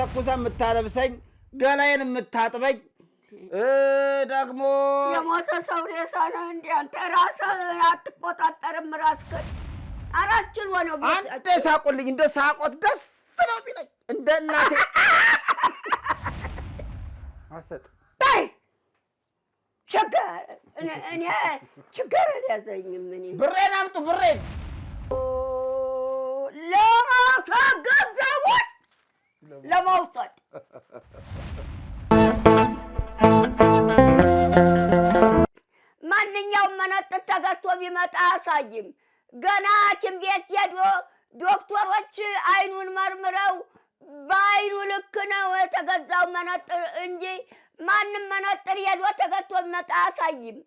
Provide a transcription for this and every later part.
ተኩሰ የምታለብሰኝ ገላዬን የምታጥበኝ ደግሞ የሞተ ሰው ሬሳ ነህ። እንደ አንተ ራስህን አትቆጣጠርም። ራስህን አራት ኪሎ ነው። አንዴ ሳቁልኝ። እንደ ሳቆት ደስ ነው የሚለኝ እንደ እናቴ አሰጥ ችግር እኔ ችግር አልያዘኝም። እኔ ብሬን አምጡ ብሬን ለማሳገገቦች ለመውሰድ ማንኛውም መነጥር ተገዝቶ ቢመጣ አያሳይም። ገና ሐኪም ቤት ሄዶ ዶክተሮች አይኑን መርምረው በአይኑ ልክ ነው የተገዛው መነጥር እንጂ ማንም መነጥር ሄዶ ተገዝቶ ቢመጣ አያሳይም።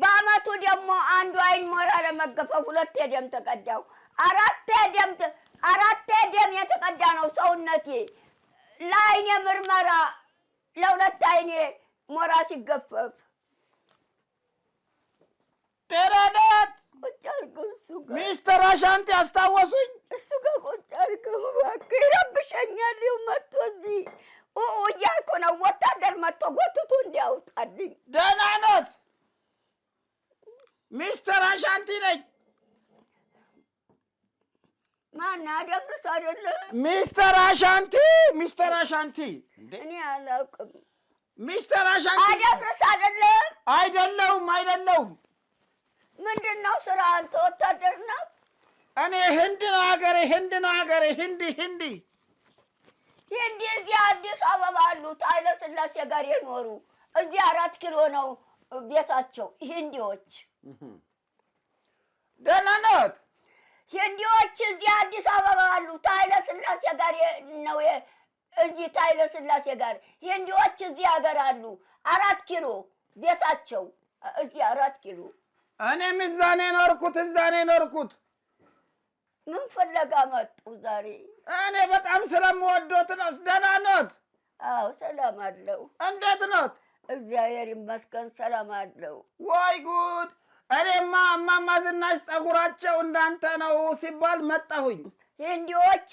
በአመቱ ደግሞ አንዱ አይን ሞራ ለመገፈፍ ሁለት ደም ተቀዳው አራት ደም አራት ደም የተቀዳ ነው ሰውነቴ። ለአይኔ ምርመራ ለሁለት አይኔ ሞራ ሲገፈፍ ጤናናት ቁጭ አድርገው እሱ ጋር ሚስተር አሻንቲ አስታወሱኝ። እሱ ጋር ቁጭ አድርገው እባክህ። ይረብሸኛል። ይኸው መጥቶ እዚህ እያልኩ ነው ወታደር መጥቶ ጎትቶ እንዲያውጣልኝ። ደህና ነት ሚስተር አሻንቲ ነኝ ማናደፍርስ ሚስተር አሻንቲ ሚስተር አሻንቲ እኔ አላውቅም። ሚስተር አሻንቲ አደፍርስ አይደለም አይደለውም አይደለውም። ምንድን ነው ስራ? አንተ ወታደር ነው? እኔ ህንድ ነው ሀገሬ፣ ህንድ ነው ሀገሬ። ህንድ ህንድ ህንድ እዚህ አዲስ አበባ አሉት ኃይለ ሥላሴ ጋር የኖሩ እዚህ አራት ኪሎ ነው ቤታቸው። ህንዲዎች ደህና ናት። ሂንዲዎች እዚህ አዲስ አበባ አሉ። ታይለ ስላሴ ጋር ነው እዚህ ታይለ ስላሴ ጋር ሂንዲዎች እዚህ ሀገር አሉ። አራት ኪሎ ቤታቸው እዚህ አራት ኪሎ። እኔም እዛ ነው የኖርኩት፣ እዛ ነው የኖርኩት። ምን ፍለጋ መጡ ዛሬ? እኔ በጣም ስለምወዶት ነው። ደህና ኖት? አዎ ሰላም አለው። እንዴት ኖት? እግዚአብሔር ይመስገን ሰላም አለው። ወይ ጉድ እኔማ እማማ ዝናሽ ጸጉራቸው እንዳንተ ነው ሲባል መጣሁኝ። ሂንዲዎች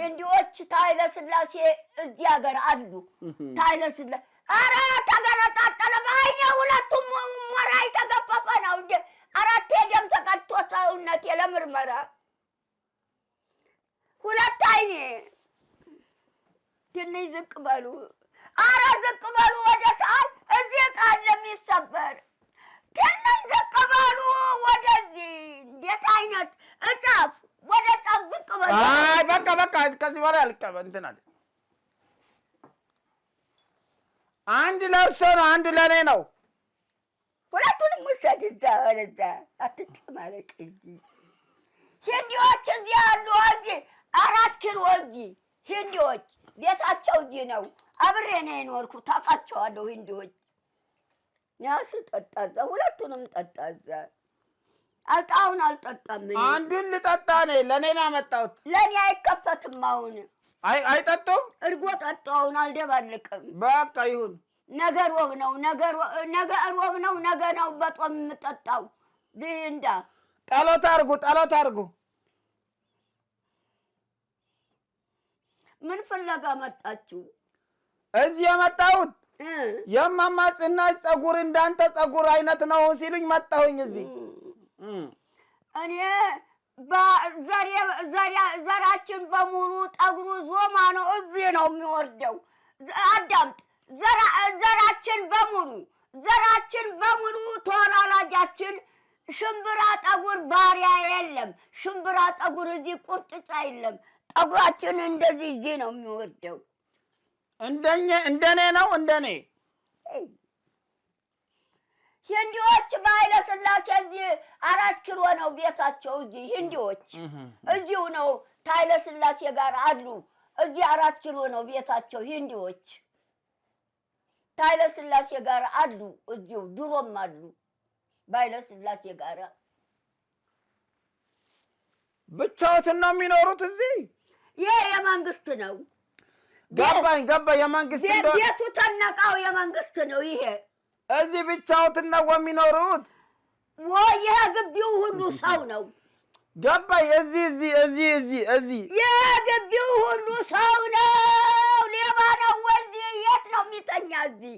ሂንዲዎች ታይለ ስላሴ እዚህ ሀገር አሉ። ታይለ ስላሴ ኧረ ተገነጣጠለ በአይኔ ሁለቱም ሞራ የተገፈፈ ነው እንዴ! አራቴ ደም ተቀጥቶ ሰውነቴ ለምርመራ ሁለት አይኔ ትንሽ ዝቅ በሉ፣ አረ ዝቅ በሉ ወደ ታች እዚህ ቃል ለሚሰበር ትንሽ ዝቅ በሉ ወደዚህ። እንዴት አይነት እጫፍ ወደ ጫፍ ዝቅ በሉ። አይ በቃ በቃ፣ ከዚህ እንትን አለ። አንድ ለእርሶ ነው፣ ለእኔ ነው። ሁለቱንም ውሰድ። እዛ ወደዛ አትጨማለቅ። እዚህ ሂንዲዎች እዚህ አሉ። እዚህ አራት ኪሎ እዚህ ሂንዲዎች ቤታቸው እዚህ ነው። አብሬ ነው ታውቃቸዋለሁ ሂንዲዎች ያሱ ጠጣዛ ሁለቱንም ጠጣዛ አሁን አልጠጣም። አንዱን ልጠጣ ነ ለእኔ ነው ያመጣሁት። ለእኔ አይከፈትም። አሁን አይጠጡም። እርጎ ጠጡ። አልደባልቅም። በቃ ይሁን። ነገ ሮብ ነው፣ ነገ ሮብ ነው፣ ነገ ነው በጦም የምጠጣው። እንዳ ጠሎት አርጉ፣ ጠሎት አርጉ። ምን ፍለጋ መጣችሁ እዚህ የመጣሁት? የማማ ጽናት ጸጉር እንዳንተ ጸጉር አይነት ነው ሲሉኝ መጣሁኝ እዚህ እኔ ዘራችን በሙሉ ጠጉሩ ዞማ ነው፣ እዚህ ነው የሚወርደው። አዳምጥ፣ ዘራችን በሙሉ ዘራችን በሙሉ ተወላላጃችን ሽምብራ ጠጉር ባሪያ የለም። ሽምብራ ጠጉር እዚህ ቁርጥጫ የለም። ጠጉራችን እንደዚህ እዚህ ነው የሚወርደው። እንደኛ እንደኔ ነው እንደኔ ሂንዲዎች በኃይለ ሥላሴ እዚህ አራት ኪሎ ነው ቤታቸው። እዚህ ሂንዲዎች እዚሁ ነው ከኃይለ ሥላሴ ጋር አሉ። እዚህ አራት ኪሎ ነው ቤታቸው። ሂንዲዎች ከኃይለ ሥላሴ ጋር አሉ። እዚሁ ድሮም አሉ በኃይለ ሥላሴ ጋር። ብቻዎትን ነው የሚኖሩት እዚህ። ይሄ የመንግስት ነው። ገባኝ ገባኝ። የመንግስት ቤቱ ተነቃው የመንግስት ነው ይሄ። እዚህ ብቻዎትን ነው የሚኖሩት ወይ? ይሄ ግቢው ሁሉ ሰው ነው። ገባኝ። እዚህ እዚህ እዚህ እዚህ እዚህ ይሄ ግቢው ሁሉ ሰው ነው። ሌባ ነው ወልድ። የት ነው የሚተኛ? እዚህ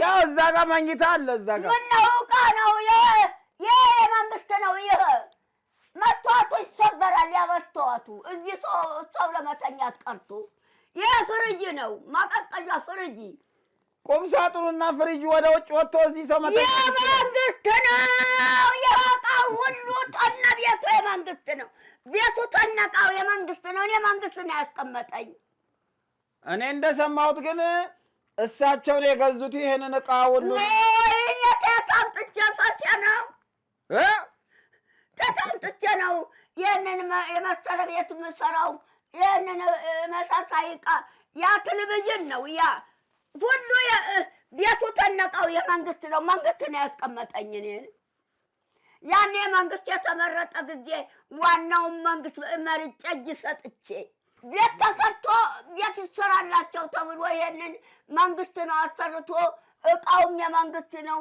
ያው እዛ ጋ መኝታ አለ። እዛ ጋ ምነው ዕቃ ነው ይሄ የመንግስት ነው ይሄ መስተዋቱ ይሰበራል። ያ መስተዋቱ እዚህ ሰው ለመተኛት ቀርቶ ይህ ፍሪጅ ነው፣ ማቀዝቀዣ ፍሪጅ። ቁም ሳጥኑና ፍሪጅ ወደ ውጭ ወጥቶ እዚህ ሰው የመንግስት ነው የወጣው ሁሉ ጠና ቤቱ የመንግስት ነው። ቤቱ ጠነቃው የመንግስት ነው። እኔ መንግስት ነው ያስቀመጠኝ። እኔ እንደሰማሁት ግን እሳቸው የገዙት ይህንን እቃ ሁሉ ተጣምጥቼ ፈሴ ነው ተጣምጥቼ ነው ይህንን የመሰለ ቤት የምሰራው ይህንን መሳሳይ ዕቃ ያ ቴሌቪዥን ነው። ያ ሁሉ ቤቱ ተነቀው የመንግስት ነው። መንግስት ነው ያስቀመጠኝ እኔን። ያኔ መንግስት የተመረጠ ጊዜ ዋናውን መንግስት መርጬ እጅ ሰጥቼ ቤት ተሰርቶ ቤት ይሰራላቸው ተብሎ ይሄንን መንግስት ነው አሰርቶ እቃውም የመንግስት ነው።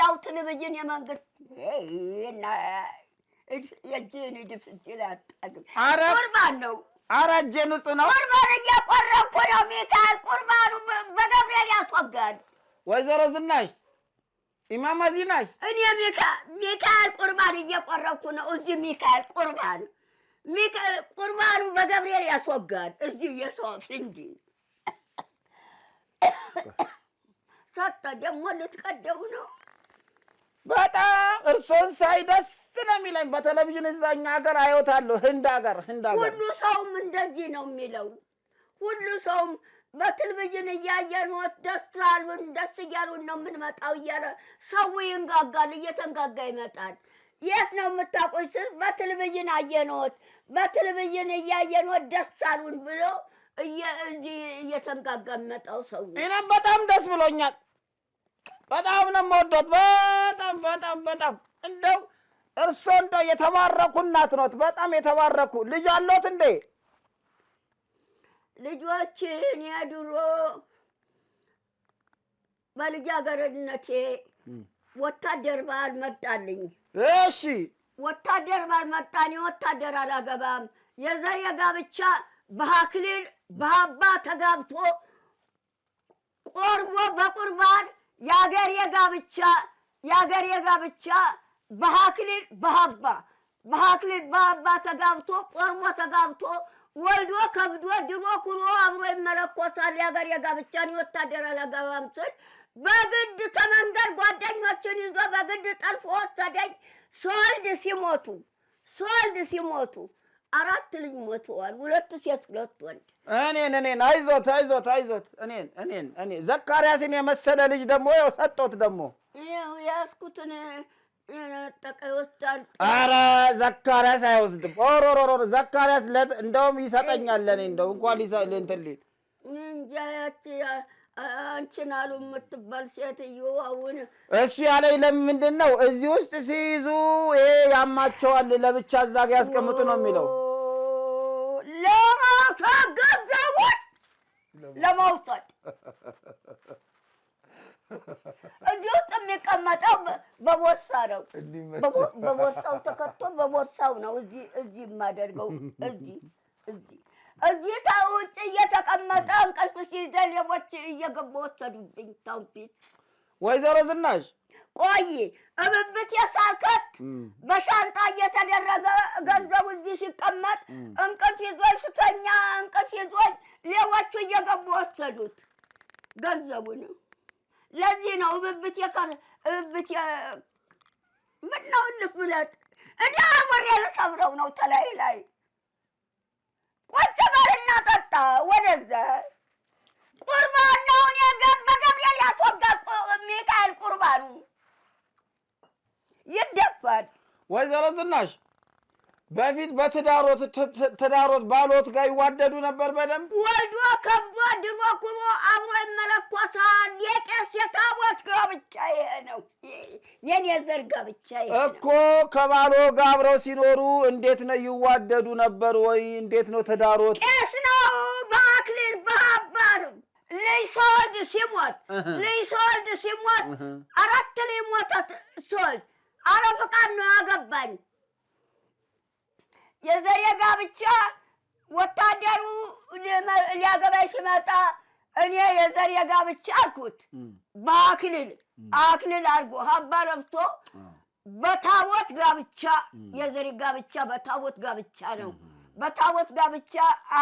ያው ቴሌቪዥን የመንግስት የእጅህን ድፍ ላጣግ ቁርባን ነው። አራጀ ንጹህ ነው። ቁርባን እየቆረብኩ ነው። ሚካኤል ቁርባኑ በገብርኤል ያስወጋል ወይዘሮ ዝናሽ ኢማማ ዚናሽ እኔ ሚካኤል ቁርባን እየቆረብኩ ነው። እዚህ ሚካኤል ቁርባን ቁርባኑ በገብርኤል ያስወገድ። እዚህ እየሰዎች እንዲ ሰጠ ደግሞ ልትቀደሙ ነው በጣም እርሶን ሳይ ደስ ነው የሚለኝ። በቴሌቪዥን እዛኛ ሀገር አይወታለሁ፣ ህንድ ሀገር ህንድ ሀገር ሁሉ ሰውም እንደዚህ ነው የሚለው። ሁሉ ሰውም በቴሌቪዥን እያየን ወት ደስ አሉን፣ ደስ እያሉን ነው የምንመጣው እያለ ሰው ይንጋጋል፣ እየተንጋጋ ይመጣል። የት ነው የምታቆይ ስል በቴሌቪዥን አየንዎት፣ በቴሌቪዥን እያየን ወት ደስ አሉን ብሎ እየተንጋጋ የሚመጣው ሰው እኔም በጣም ደስ ብሎኛል። በጣም ነው የምወዶት። በጣም በጣም በጣም እንደው እርሶ እንደው የተባረኩ እናት ኖት። በጣም የተባረኩ ልጅ አሎት እንዴ? ልጆችን የድሮ በልጃገረድነቴ ወታደር ባል መጣልኝ። እሺ ወታደር ባል መጣ። እኔ ወታደር አላገባም። የዘሬ ጋብቻ በአክሊል በአባ ተጋብቶ ቆርቦ በቁርባን የአገር የጋብቻ የአገር የጋብቻ በሀክሊል በሀባ በሀክሊል በሀባ ተጋብቶ ቆርቦ ተጋብቶ ወልዶ ከብዶ ድሮ ኩሮ አብሮ ይመለኮታል። የአገር የጋብቻን የወታደር አላገባም ስል በግድ ከመንገድ ጓደኞችን ይዞ በግድ ጠልፎ ወሰደኝ። ሶልድ ሲሞቱ ሶልድ ሲሞቱ አራት ልጅ ሞተዋል። ሁለቱ ሴት፣ ሁለት ወንድ። እኔን እኔን አይዞት አይዞት አይዞት እኔን እኔን እኔ ዘካርያስን የመሰለ ልጅ ደግሞ ያው ሰጦት ደግሞ ያው ያዝኩትን አረ ዘካርያስ አይወስድም። ኦሮሮሮ ዘካርያስ እንደውም ይሰጠኛል። ለኔ እንደው እንኳን እንትን ሊል እንጃ ያቺ አንቺን አሉ የምትባል ሴትዮ አሁን እሱ ያለኝ ለምንድን ነው? እዚህ ውስጥ ሲይዙ ይሄ ያማቸዋል፣ ለብቻ እዛ ጋ ያስቀምጡ ነው የሚለው ተገንዘቡን ለመውሰድ እዚህ ውስጥ የሚቀመጠው በቦርሳ ነው። በቦርሳው ተከቶ በቦርሳው ነው እዚህ እዚህ የማደርገው እዚህ እዚህ እዚህ ተውጭ እየተቀመጠ እንቅልፍ ሲይዘ ሌቦች እየገቡ ወሰዱብኝ። ወይዘሮ ዝናሽ ቆይ እብብት የሳከት በሻንጣ እየተደረገ ገንዘቡ እዚህ ሲቀመጥ እንቅልፍ ይዞኝ ስተኛ እንቅልፍ ይዞኝ ሌቦቹ እየገቡ ወሰዱት ገንዘቡን። ለዚህ ነው እብብት እብብት ምን ነው እልፍ እኔ አብሬ ልሰብረው ነው ተላይ ላይ ቁጭ በልና ጠጣ ወደዘ ቁርባን ነውን የገብ በገብርኤል ያስወጋ ሚካኤል ቁርባኑ ይደፋል። ወይዘሮ ዝናሽ በፊት በትዳሮት ትዳሮት ባሎት ጋር ይዋደዱ ነበር። በደንብ ወልዶ ከብዶ ድሮ ኩሮ አብሮ ይመለኮሳል። የቄስ የታቦት ጋብቻ ይሄ ነው፣ የኔ ዘር ጋብቻ ይሄ እኮ። ከባሎ ጋር አብረው ሲኖሩ እንዴት ነው ይዋደዱ ነበር ወይ? እንዴት ነው ትዳሮት? ቄስ ነው በአክሊል በአባር ልጅ ሲወልድ ሲሞት ልጅ ሲወልድ ሲሞት አራት አለ ፍቃድ ነው ያገባኝ። የዘሬ ጋብቻ ወታደሩ ሊያገባኝ ሲመጣ እኔ የዘሬ ጋብቻ አልኩት። በአክሊል አክሊል አድርጎ ሀባ ለብቶ በታቦት ጋብቻ የዘሬ ጋብቻ በታቦት ጋብቻ ነው። በታቦት ጋብቻ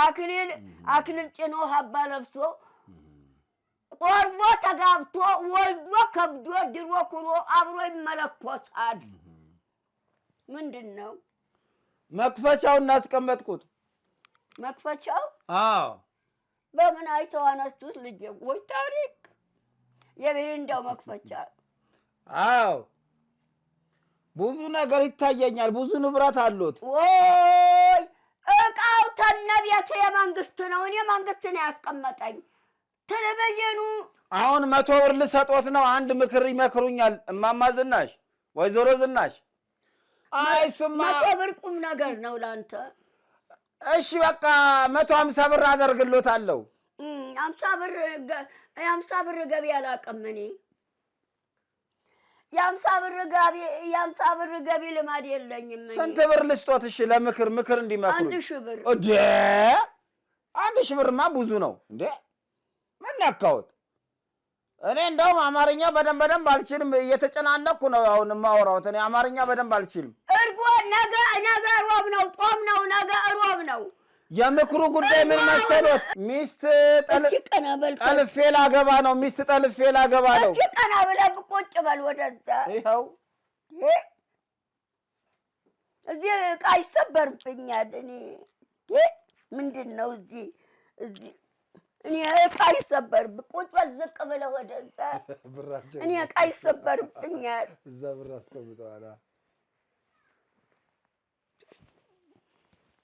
አክሊል አክሊል ጭኖ ሀባ ለብሶ ቆርቦ ተጋብቶ ወልዶ ከብዶ ድሮ ኩሎ አብሮ ይመለኮሳል። ምንድን ነው መክፈቻው? እናስቀመጥኩት መክፈቻው። አዎ በምን አይተው አነሱት? ልጅ ወይ ታሪክ የቤንዳው መክፈቻ። አዎ ብዙ ነገር ይታየኛል። ብዙ ንብረት አሉት። ወይ እቃው ተነ የመንግስት ነው። እኔ መንግስት ነው ያስቀመጠኝ ተለበየኑ አሁን መቶ ብር ልሰጦት ነው። አንድ ምክር ይመክሩኛል እማማ ዝናሽ፣ ወይዘሮ ዝናሽ። አይ እሱማ መቶ ብር ቁም ነገር ነው ለአንተ። እሺ በቃ መቶ አምሳ ብር አደርግሎታለሁ። ሀምሳ ብር የሀምሳ ብር ገቢ አላውቅም እኔ የሀምሳ ብር ገቢ የአምሳ ብር ገቢ ልማድ የለኝም። ስንት ብር ልስጦት? እሺ ለምክር ምክር እንዲመክሩ አንድ ሺህ ብር። አንድ ሺህ ብርማ ብዙ ነው እንዴ ምን ነካሁት? እኔ እንደውም አማርኛ በደንብ በደንብ አልችልም። እየተጨናነኩ ነው አሁን የማወራሁት። እኔ አማርኛ በደንብ አልችልም። እርጎ ነገ ነገ ሮብ ነው፣ ጦም ነው፣ ነገ ሮብ ነው። የምክሩ ጉዳይ ምን መሰሎት? ሚስት ጠልፌ ላገባ ነው። ሚስት ጠልፌ ላገባ ነው። ቀና ብለህ ቁጭ በል። ወደዛ ይኸው እዚህ ዕቃ ይሰበርብኛል። እኔ ምንድን ነው እዚህ እዚህ እኔ ዕቃ አይሰበርም። ቁጭ ዝቅ ብለህ ወደ እዛ እኔ ዕቃ አይሰበርብኛል። እዛ ብር አስቀምጠዋል።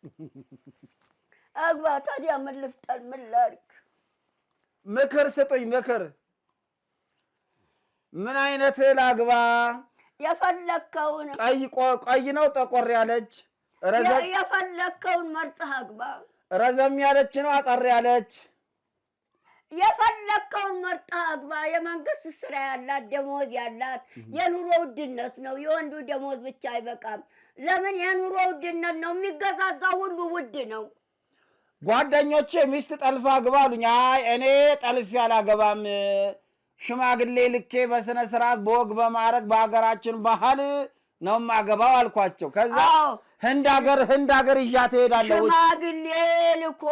አግባ ታዲያ ምን ልፍጠን? ምን ላድርግ? ምክር ስጡኝ ምክር። ምን አይነት እህል አግባ? የፈለግከውን ቀይ ነው ጠቆር ያለች የፈለግከውን መርጠህ አግባ። ረዘም ያለች ነው አጠር ያለች የፈለከውን መርጣ አግባ። የመንግስት ስራ ያላት ደሞዝ ያላት የኑሮ ውድነት ነው። የወንዱ ደሞዝ ብቻ አይበቃም። ለምን? የኑሮ ውድነት ነው። የሚገዛዛ ሁሉ ውድ ነው። ጓደኞቼ ሚስት ጠልፋ አግባ አሉኝ። አይ እኔ ጠልፌ አላገባም። ሽማግሌ ልኬ በስነ ስርዓት በወግ በማዕረግ በሀገራችን ባህል ነው ማገባው አልኳቸው። ከዛ ህንድ ሀገር ህንድ ሀገር ይዣ ትሄዳለህ። ሽማግሌ ልኮ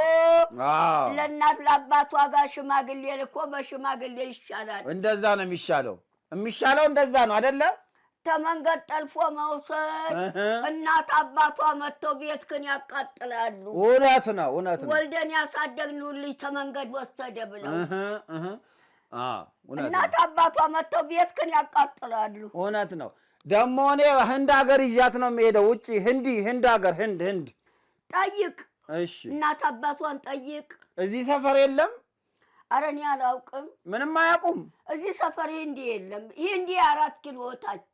ለእናት ለአባቷ ጋር ሽማግሌ ልኮ በሽማግሌ ይሻላል። እንደዛ ነው የሚሻለው፣ የሚሻለው እንደዛ ነው አደለ? ተመንገድ ጠልፎ መውሰድ እናት አባቷ መጥተው ክን ያቃጥላሉ። እውነት ነው፣ እውነት ነው። ወልደን ያሳደግን ልጅ ተመንገድ ወሰደ ብለው እናት አባቷ መጥተው ቤትክን ያቃጥላሉ። እውነት ነው። ደግሞ እኔ ህንድ ሀገር ይዣት ነው የሚሄደው። ውጭ ህንዲ ህንድ ሀገር ህንድ ህንድ ጠይቅ። እሺ እናት አባቷን ጠይቅ። እዚህ ሰፈር የለም። ኧረ እኔ አላውቅም፣ ምንም አያውቁም። እዚህ ሰፈር ህንዲ የለም። ህንዲ አራት ኪሎ ታች።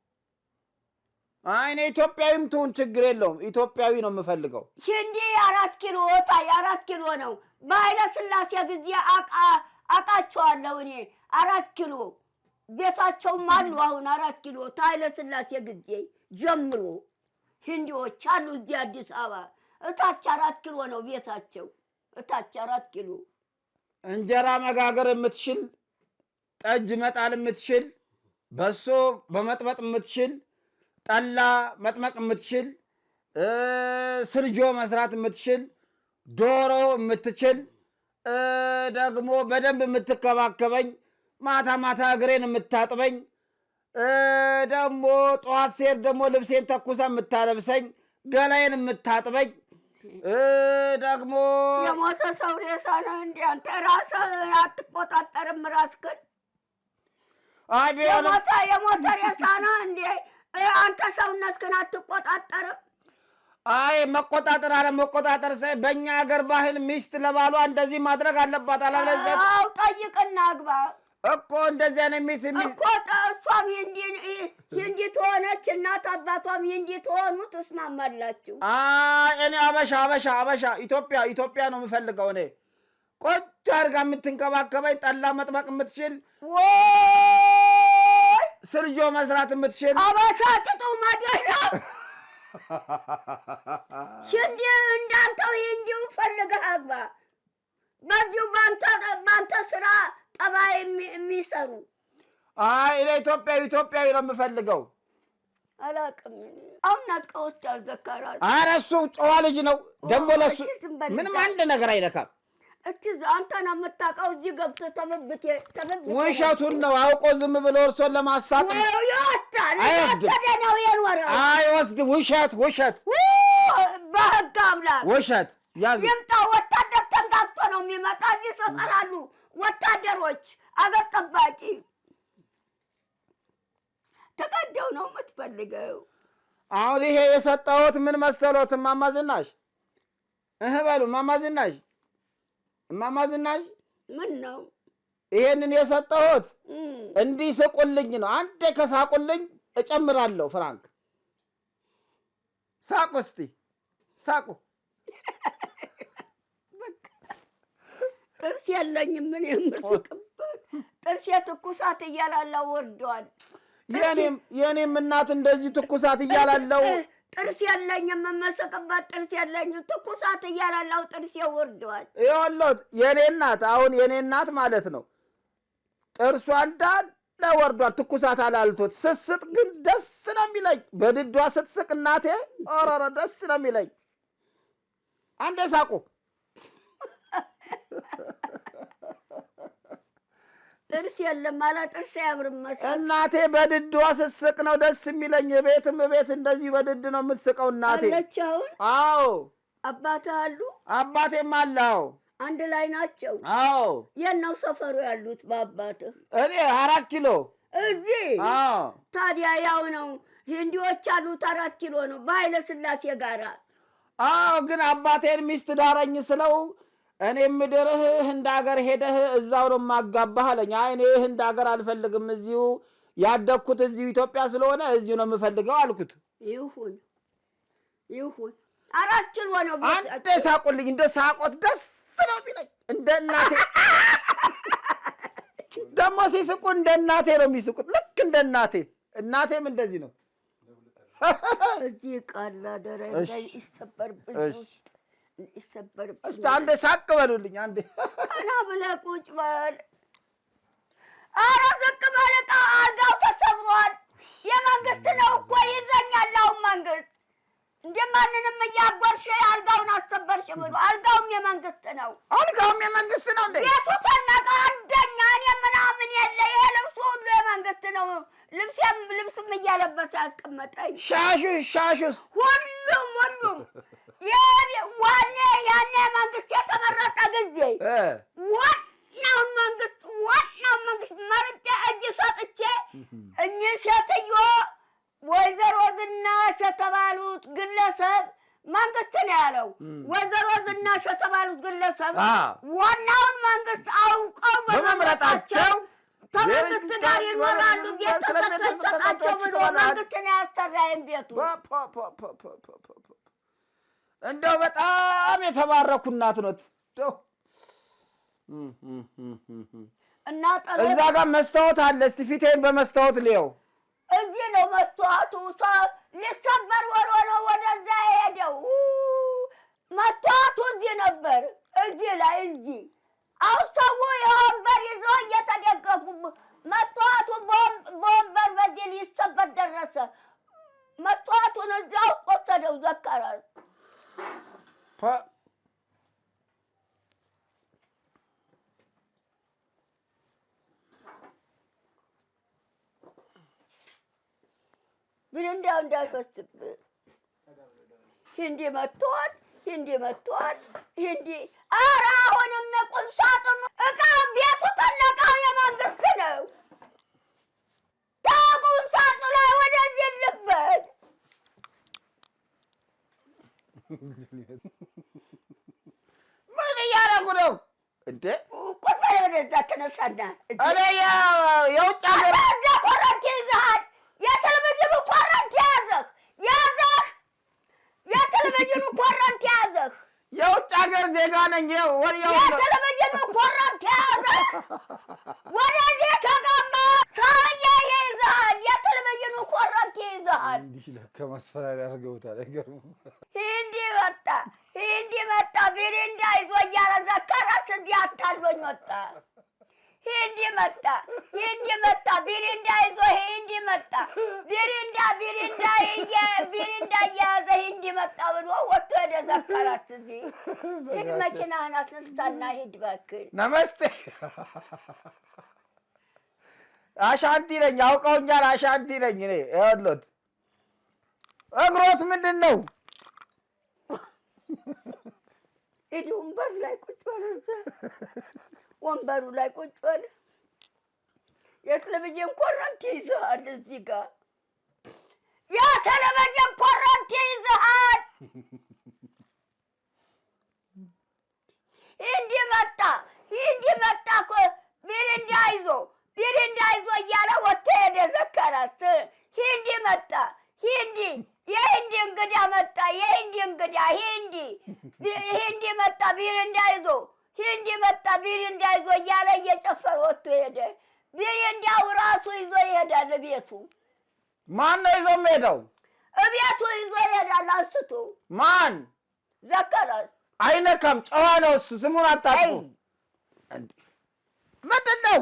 አይ እኔ ኢትዮጵያዊም ትሁን ችግር የለውም። ኢትዮጵያዊ ነው የምፈልገው። ህንዲ አራት ኪሎ ታይ፣ አራት ኪሎ ነው። በኃይለ ስላሴ ጊዜ አቃቸዋለሁ እኔ አራት ኪሎ ቤታቸውም አሉ። አሁን አራት ኪሎ ታይለስላሴ ጊዜ ጀምሮ ሂንዲዎች አሉ እዚህ አዲስ አበባ እታች አራት ኪሎ ነው ቤታቸው እታች አራት ኪሎ እንጀራ መጋገር የምትችል ጠጅ መጣል የምትችል በሶ በመጥመጥ የምትችል ጠላ መጥመቅ የምትችል ስርጆ መስራት የምትችል ዶሮ የምትችል ደግሞ በደንብ የምትከባከበኝ ማታ ማታ እግሬን የምታጥበኝ ደግሞ ጠዋት ሴር ደግሞ ልብሴን ተኩሰ የምታለብሰኝ ገላዬን የምታጥበኝ ደግሞ የሞተ ሰው ሬሳ ነህ እንደ አንተ ራስህን አትቆጣጠርም። ራስህን የሞተ የሞተ ሬሳ ነህ እንደ አንተ ግን አትቆጣጠርም። አይ መቆጣጠር አለ መቆጣጠር ሳይ በእኛ ሀገር ባህል ሚስት ለባሏ እንደዚህ ማድረግ አለባት። አላለዘት ጠይቅና አግባ እኮ እንደዚያ ነው የሚት እኮ እሷም የእንዴት ሆነች እናት አባቷም የእንዴት ሆኑ ትስማማላችሁ? እኔ አበሻ አበሻ አበሻ ኢትዮጵያ ኢትዮጵያ ነው የምፈልገው እኔ ቆንጆ አድርጋ የምትንከባከበኝ ጠላ መጥመቅ የምትችል ስርጆ መስራት የምትችል አበሻ ጥጡ ማድረሻ ሽንዲ እንዳንተው ይህ ፈልገህ አግባ በዚሁ ባንተ ስራ ጠባ የሚሰሩ አይ እኔ ኢትዮጵያዊ ኢትዮጵያዊ ነው የምፈልገው። አላውቅም። አሁን ናጥቀው ውስጥ ያዘከራል። ኧረ እሱ ጨዋ ልጅ ነው ደግሞ ለሱ ምንም አንድ ነገር አይነካም። እቺ አንተን የምታውቀው እዚህ ገብቶ ተመብት ውሸቱን ነው አውቆ ዝም ብሎ እርሶን ለማሳቅ ይወስዳልወስደነው የኖረ አይወስድ ውሸት ውሸት በህግ አምላክ ውሸት ያዝ ይምጣ። ወታደር ተንጋግቶ ነው የሚመጣ ይሰፈራሉ ወታደሮች፣ አገር ጠባቂ ተቀደው ነው የምትፈልገው። አሁን ይሄ የሰጠሁት ምን መሰሎት? እማማ ዝናሽ እህ በሉ እማማ ዝናሽ እማማ ዝናሽ ምን ነው ይሄንን የሰጠሁት? እንዲህ ስቁልኝ ነው። አንዴ ከሳቁልኝ እጨምራለሁ። ፍራንክ ሳቁ፣ እስቲ ሳቁ። ጥርስ ያለኝ ምን የምስቅበት ጥርሴ ትኩሳት እያላለው ወርዷል። የእኔም እናት እንደዚህ ትኩሳት እያላለው ጥርስ ያለኝ የምመስቅበት ጥርስ ያለኝ ትኩሳት እያላለው ጥርሴ ወርዷል። ይኸውልዎት የእኔ እናት አሁን የእኔ እናት ማለት ነው ጥርሷ እንዳል ወርዷል። ትኩሳት አላልቶት ስስጥ ግን ደስ ነው የሚለኝ። በድዷ ስትስቅ እናቴ ኦሮሮ ደስ ነው የሚለኝ። አንዴ ሳቁ ጥርስ የለም አላ ጥርስ አያምርም መሰለኝ። እናቴ በድድ ስስቅ ነው ደስ የሚለኝ። ቤትም ቤት እንደዚህ በድድ ነው የምትስቀው እናቴ። አለች አዎ። አባት አሉ? አባቴም አለ። አንድ ላይ ናቸው? አዎ። የት ነው ሰፈሩ ያሉት በአባትህ? እኔ አራት ኪሎ እዚህ። አዎ። ታዲያ ያው ነው ህንዲዎች አሉት አራት ኪሎ ነው በኃይለ ስላሴ ጋራ። አዎ። ግን አባቴን ሚስት ዳረኝ ስለው እኔ ምድርህ ህንድ አገር ሄደህ እዛው ነው ማጋባህ አለኝ። አይ እኔ ህንድ አገር አልፈልግም፣ እዚሁ ያደግኩት እዚሁ ኢትዮጵያ ስለሆነ እዚሁ ነው የምፈልገው አልኩት። ይሁን ይሁን፣ አራት ኪሎ ነው አንተ ሳቁልኝ። እንደ ሳቆት ደስ ነው የሚለኝ እንደ እናቴ ደግሞ ሲስቁ እንደ እናቴ ነው የሚስቁት። ልክ እንደ እናቴ እናቴም እንደዚህ ነው። እዚህ ቃላ ደረጃ ይሰበርብኝ ውስጥ ይሰበርብኛል። እስኪ አንዴ ሳቅ በሉልኝ። አንዴ ቀና ብለህ ቁጭ በል። ኧረ ዝቅ በል። ዕቃ አልጋው ተሰብሯል። የመንግስት ነው እኮ ይዘኛል። አሁን መንግስት እንደ ማንንም እያጎርሽ አልጋውን አሰበርሽ ብሎ አልጋውም የመንግስት ነው። አልጋውም የመንግስት ነው። እንደ ቤቱ ተነቀ። አንደኛ እኔ ምናምን የለ ይሄ ልብሱ ሁሉ የመንግስት ነው። ልብስም ልብስም እያለበሰ ያስቀመጠኝ ሻሹ ሻሹስ ሁሉም ሁሉም ዋኔ ያኔ መንግስት የተመረጠ ጊዜ ዋናውን መንግስት ዋናውን መንግስት መርጬ እጅ ሰጥቼ እኚህ ሴትዮ ወይዘሮ ዝናሽ የተባሉት ግለሰብ መንግስት ነው ያለው። ወይዘሮ ዝናሽ የተባሉት ግለሰብ ዋናውን መንግስት አውቀው በመምረጣቸው ከመንግስት ጋር ይኖራሉ። ቤተሰብ ተሰጣቸው ብሎ መንግስት ነው ያሰራይም ቤቱ እንደው በጣም የተባረኩ እናት ኖት። እዛ ጋር መስታወት አለ። እስቲ ፊቴን በመስታወት ልየው። እዚህ ነው መስታወቱ። ሊሰበር ወሮ ነው ወደዛ የሄደው። መስታወቱ እዚህ ነበር፣ እዚህ ላይ እዚህ። አሁን ሰው የወንበር ይዞ እየተደገፉ መስታወቱ በወንበር በዚህ ሊሰበር ደረሰ። መስታወቱን ውስጥ ወሰደው ዘከራስ เพราะ ምን እንዳው እንዳይፈስብህ ሂንዲ መቷል፣ ሂንዲ መቷል፣ ሂንዲ ኧረ አሁንም ቁም ሳጥኑ ምን እያደረጉ ነው እንዴ? ቁጭ በል ወደዛ ተነሳና፣ ኧረ የውጭ ሀገር እዛ ኮረንቲ ይዘሃል። የቴሌቪዥኑ ኮረንቲ ያዘህ ያዘህ፣ የቴሌቪዥኑ ኮረንቲ ያዘህ። የውጭ ሀገር ዜጋ ነኝ። የቴሌቪዥኑ ኮረንቲ ያዘህ። ወደዚህ ተቀማ ሰውዬ ይዘሃል። በአይኑ ኮረብቴ ይዘሃል። እንዲህ ለካ ማስፈራሪያ አድርገውታል። አይገርምም? ሂንዲ መጣ ሂንዲ መጣ ቢሪንዳ ይዞ እያለ ዘከረ። ስዚህ አታሎኝ ወጣ። ሂንዲ መጣ ሂንዲ መጣ ቢሪንዳ ይዞ ሂንዲ መጣ ቢሪንዳ ቢሪንዳ ቢሪንዳ እየያዘ ሂንዲ መጣ ብሎ ወጥቶ ሄደ። ዘከረ። ስዚህ ሂድ፣ መኪናህን አስነሳና ሂድ እባክህ። ነመስቴ አሻንቲ ነኝ፣ አውቀውኛል። አሻንቲ ነኝ እኔ ያሉት እግሮት ምንድን ነው? ሂድ ወንበሩ ላይ ቁጭ በል። እዛ ወንበሩ ላይ ቁጭ በል። የቴሌቪዥን ኮረንቲ ይዘሃል። እዚህ ጋር ያ ኮረንቲ ይዘሃል። እንዲህ መጣ፣ እንዲህ መጣ፣ ሚሪንዳ ይዞ ቢሪንዳ ይዞ እያለ ወጥቶ ሄደ። ዘከራስ ሂንዲ መጣ። ሂንዲ የሂንዲ እንግዳ መጣ። የሂንዲ እንግዳ ሂንዲ ሂንዲ መጣ። ቢሪንዳ ይዞ ሂንዲ መጣ። ቢሪንዳ ይዞ እያለ እየጨፈረ ወጥቶ ሄደ። ቢሪንዳው ራሱ ይዞ ይሄዳል። ቤቱ ማን ነው ይዞ ሄደው? እቤቱ ይዞ ይሄዳል። አንስቶ ማን ዘከራስ አይነካም። ጨዋ ነው እሱ። ስሙን አታጥፉ። ምንድን ነው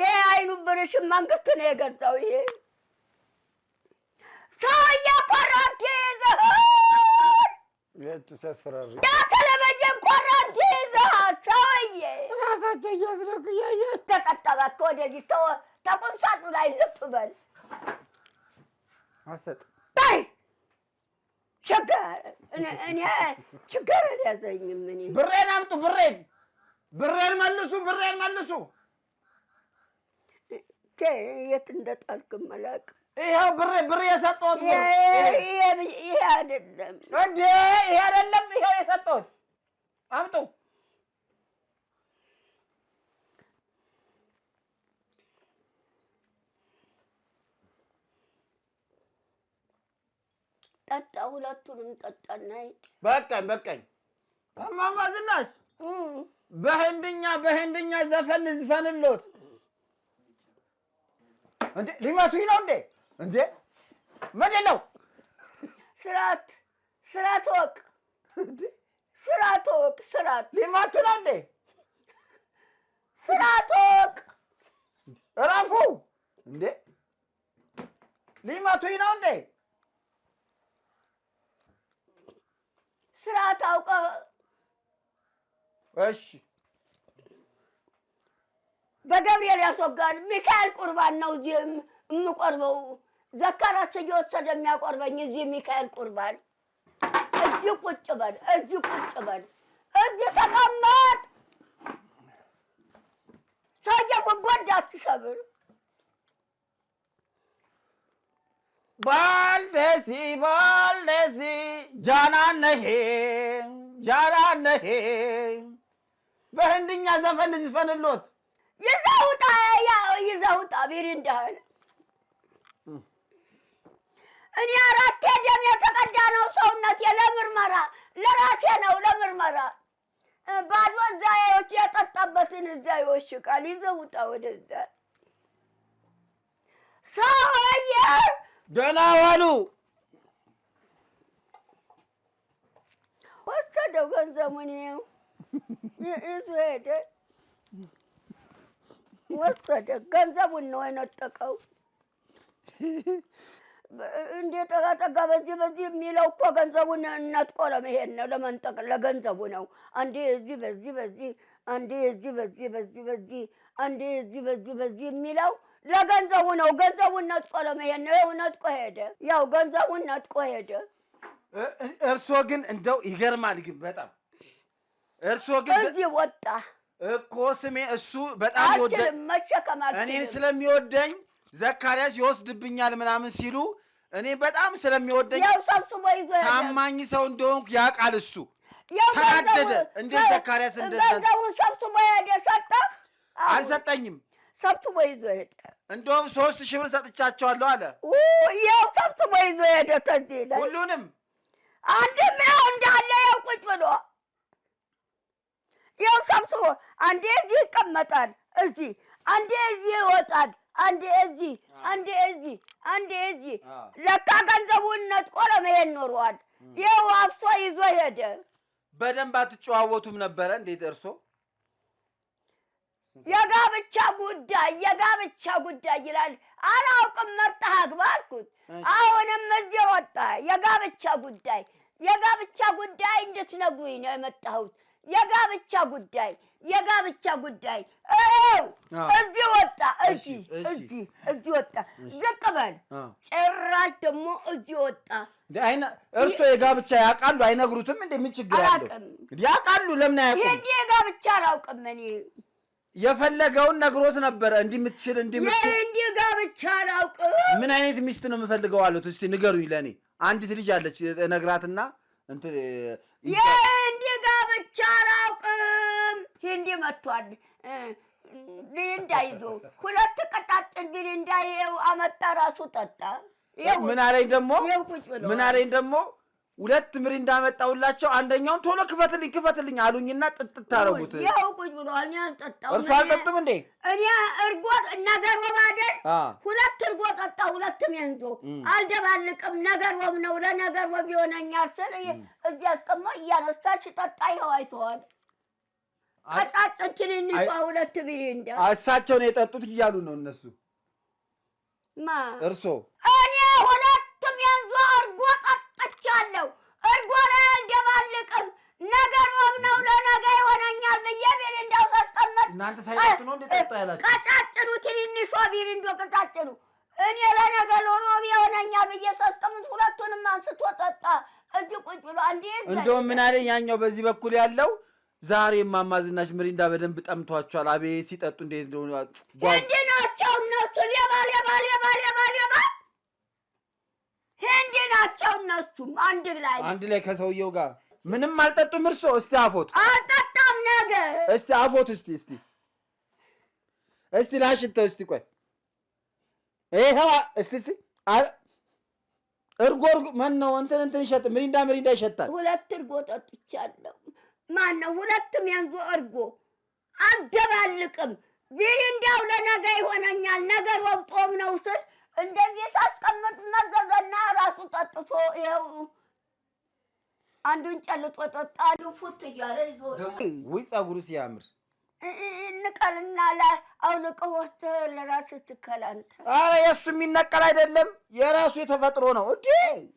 ይሄ አይኑ ብርሽ መንግስት ነው የገዛው። ይሄ ሰው እያኮራንቲ ይዘሃል፣ የቴሌቪዥን ኮራንቲ ይዘሃል። ሰውዬ ራሳቸው እያስረኩ እያየ ተቀጠባቸው ወደዚህ ተቁም ሳጥኑ ላይ ልፍ በል በይ ችግር እኔ ችግር አልያዘኝም። እኔ ብሬን አምጡ፣ ብሬን ብሬን መልሱ፣ ብሬን መልሱ ትቼ የት እንደጣልክም አላውቅም። ይሄው ብሬ ብሬ የሰጠሁት ይሄ አይደለም እንዴ? ይሄ አይደለም። ይሄው የሰጠሁት አምጡ። ጠጣ። ሁለቱንም ጠጣና በቃኝ በቃኝ። እማማ ዝናሽ በህንድኛ በህንድኛ ዘፈን ዝፈንሎት እንዴ ሊመቱኝ ነው እንዴ? እንዴ ነው? ስራት ስራት ወቅ ስራት ወቅ ስራት ሊመቱ ነው እንዴ? ስራት ወቅ እረፉ እንዴ ሊመቱኝ ነው እንዴ? እሺ በገብርኤል ያስወጋል። ሚካኤል ቁርባን ነው እዚህ የምቆርበው። ዘካራስ እየወሰደ የሚያቆርበኝ እዚህ ሚካኤል ቁርባን። እዚህ ቁጭ በል፣ እዚህ ቁጭ በል፣ እዚህ ተቀመጥ። ሰውዬ ጉንጎድ አትሰብር። ባልደሲ ባልደሲ ጃናነሄ ጃናነሄ በህንድኛ ዘፈን ዝፈንሎት ይዘህ ውጣ፣ ያው ይዘህ ውጣ ቢሪ እኔ አራቴ ደም የተቀዳ ነው ሰውነቴ ለምርመራ ለራሴ ነው ለምርመራ ባዶ እዛ የጠጣበትን እዛ ይወሽቃል። ይዘህ ውጣ ወደዛ ሰውዬ። ደህና ዋሉ። ወሰደው ገንዘቡን ይዞ ሄደ። ወሰደ። ገንዘቡን ነው የነጠቀው። እንዴ ጠጋ በዚህ በዚህ የሚለው እኮ ገንዘቡን እናጥቆ ለመሄድ ነው፣ ለመንጠቅ ለገንዘቡ ነው። አንዴ እዚህ በዚህ በዚህ አንዴ እዚህ በዚህ በዚህ በዚህ አንዴ እዚህ በዚህ በዚህ የሚለው ለገንዘቡ ነው። ገንዘቡን ነጥቆ ለመሄድ ነው። ያው ነጥቆ ሄደ። ያው ገንዘቡን ነጥቆ ሄደ። እርሶ ግን እንደው ይገርማል። ግን በጣም እርሶ ግን እዚህ ወጣ እኮ ስሜ እሱ በጣም ወደኝ፣ እኔን ስለሚወደኝ ዘካርያስ ይወስድብኛል ምናምን ሲሉ እኔ በጣም ስለሚወደኝ ታማኝ ሰው እንደሆንኩ ያውቃል እሱ። ተናደደ። እንዴት ዘካርያስ እንደዛ ሰብስቦ ሄደ? ሰጠህ? አልሰጠኝም። ሰብስቦ ይዞ ሄደ። እንደውም ሶስት ሺህ ብር ሰጥቻቸዋለሁ አለ። ያው ሰብስቦ ይዞ ሄደ። ተዚህ ሁሉንም አንድም ያው እንዳለ ያው ቁጭ ብሎ ያው ሰብስቦ አንዴ እዚህ ይቀመጣል፣ እዚህ አንዴ እዚህ ይወጣል፣ አንዴ እዚህ አንዴ እዚህ አንዴ እዚህ። ለካ ገንዘቡን ነጥቆ ለመሄድ ኖሯል። ይኸው አፍሶ ይዞ ሄደ። በደንብ አትጨዋወቱም ነበረ? እንዴት እርሶ የጋብቻ ጉዳይ የጋብቻ ጉዳይ ይላል። አላውቅም መርጠህ አግባ አልኩት። አሁንም እዚህ ወጣ። የጋብቻ ጉዳይ የጋብቻ ጉዳይ እንድትነግሩኝ ነው የመጣሁት። የጋብቻ ጉዳይ የጋብቻ ጉዳይ ው እዚህ ወጣ፣ እዚህ እዚህ እዚህ ወጣ፣ ዝቅ በል። ጭራሽ ደግሞ እዚህ ወጣ። እርሶ የጋብቻ ያውቃሉ? አይነግሩትም? እንደ ምን ችግር አለው? ያውቃሉ። ለምን አያውቁም? ይህ የጋብቻ አላውቅም እኔ የፈለገውን ነግሮት ነበረ። እንዲምትችል የምትችል እንዲህ ጋብቻ አላውቅም። ምን አይነት ሚስት ነው የምፈልገው አሉት። እስቲ ንገሩኝ። ለእኔ አንዲት ልጅ አለች እነግራትና የህንዲ ጋብቻ አላውቅም። ሂንዲ መቷል። ሊንዳ ይዞ ሁለት ቀጣጥን ቢሊንዳ ይኸው አመጣ። ራሱ ጠጣ። ምን አለኝ ደግሞ ምን አለኝ ደግሞ ሁለት ምሪ እንዳመጣሁላቸው አንደኛውን ቶሎ ክፈትልኝ ክፈትልኝ አሉኝና ጥጥት አደረጉት። ይኸው ቁጭ ብለዋል። እኔ አልጠጣሁም። እርሷ አልጠጥም እንዴ? እኔ እርጎ ነገር ወብ አይደል? ሁለት እርጎ ጠጣ፣ ሁለትም የንዞ አልደባልቅም። ነገር ወብ ነው። ለነገር ወብ ይሆነኛል ስል እዚህ አስቀማ እያነሳች ጠጣ። ይኸው አይተዋል። አጫጭን ትንንሿ ሁለት ቢሪ እንዳ እሳቸውን የጠጡት እያሉ ነው እነሱ ማ እርሶ እኔ ሁለትም የንዞ እርጎ ጠጣ ሰጥቻለሁ። እርጎን አያንደባልቅም። ነገር ወብ ነው፣ ለነገ ይሆነኛል ብዬ ቢሪንዳው ሳስቀመጥ እናንተ ሳይጠጡ ነው እንደ ቀጫጭኑ ትንንሿ ቢሪንዶ ቀጫጭኑ እኔ ለነገ ለሮብ የሆነኛ ብዬ ሳስቀምጥ ሁለቱንም አንስቶ ጠጣ። እዚ ቁጭ ብሎ አንዴ እንደውም ምን አለኝ ያኛው በዚህ በኩል ያለው ዛሬ ማማዝናሽ ምሪንዳ በደንብ ጠምቷቸዋል። አቤ ሲጠጡ እንዴት እንደሆነ እንዲህ ናቸው እነሱ ሌባ ሌባ ሌባ ሌባ ሌባ ናቸው እነሱም አንድ ላይ አንድ ላይ ከሰውየው ጋር ምንም አልጠጡም። እርሶ እስቲ አፎት አልጠጣም። ነገ እስቲ አፎት እስቲ እስቲ እስቲ ላሽተው እስቲ ቆይ ይሄ እስቲ እስቲ እርጎ እርጎ ማን ነው እንትን እንትን ይሸጥ ምሪንዳ ምሪንዳ ይሸጣል። ሁለት እርጎ ጠጥቻለሁ። ማን ነው ሁለትም የእንጎ እርጎ አደባልቅም። ሚሪንዳው ለነገ ይሆነኛል። ነገር ወብጦም ነው ስል እንደዚህ ሳስቀምጥ መዘዘና ራሱ ጠጥቶ ይኸው አንዱን ጨልጦ ጠጣ። ፉት እያለ ይዞ ውይ ፀጉሩ ሲያምር እንቀልና ላይ አውልቀህ ወስደህ ለራስህ ትከላንተ። አረ የእሱ የሚነቀል አይደለም፣ የራሱ የተፈጥሮ ነው እንዴ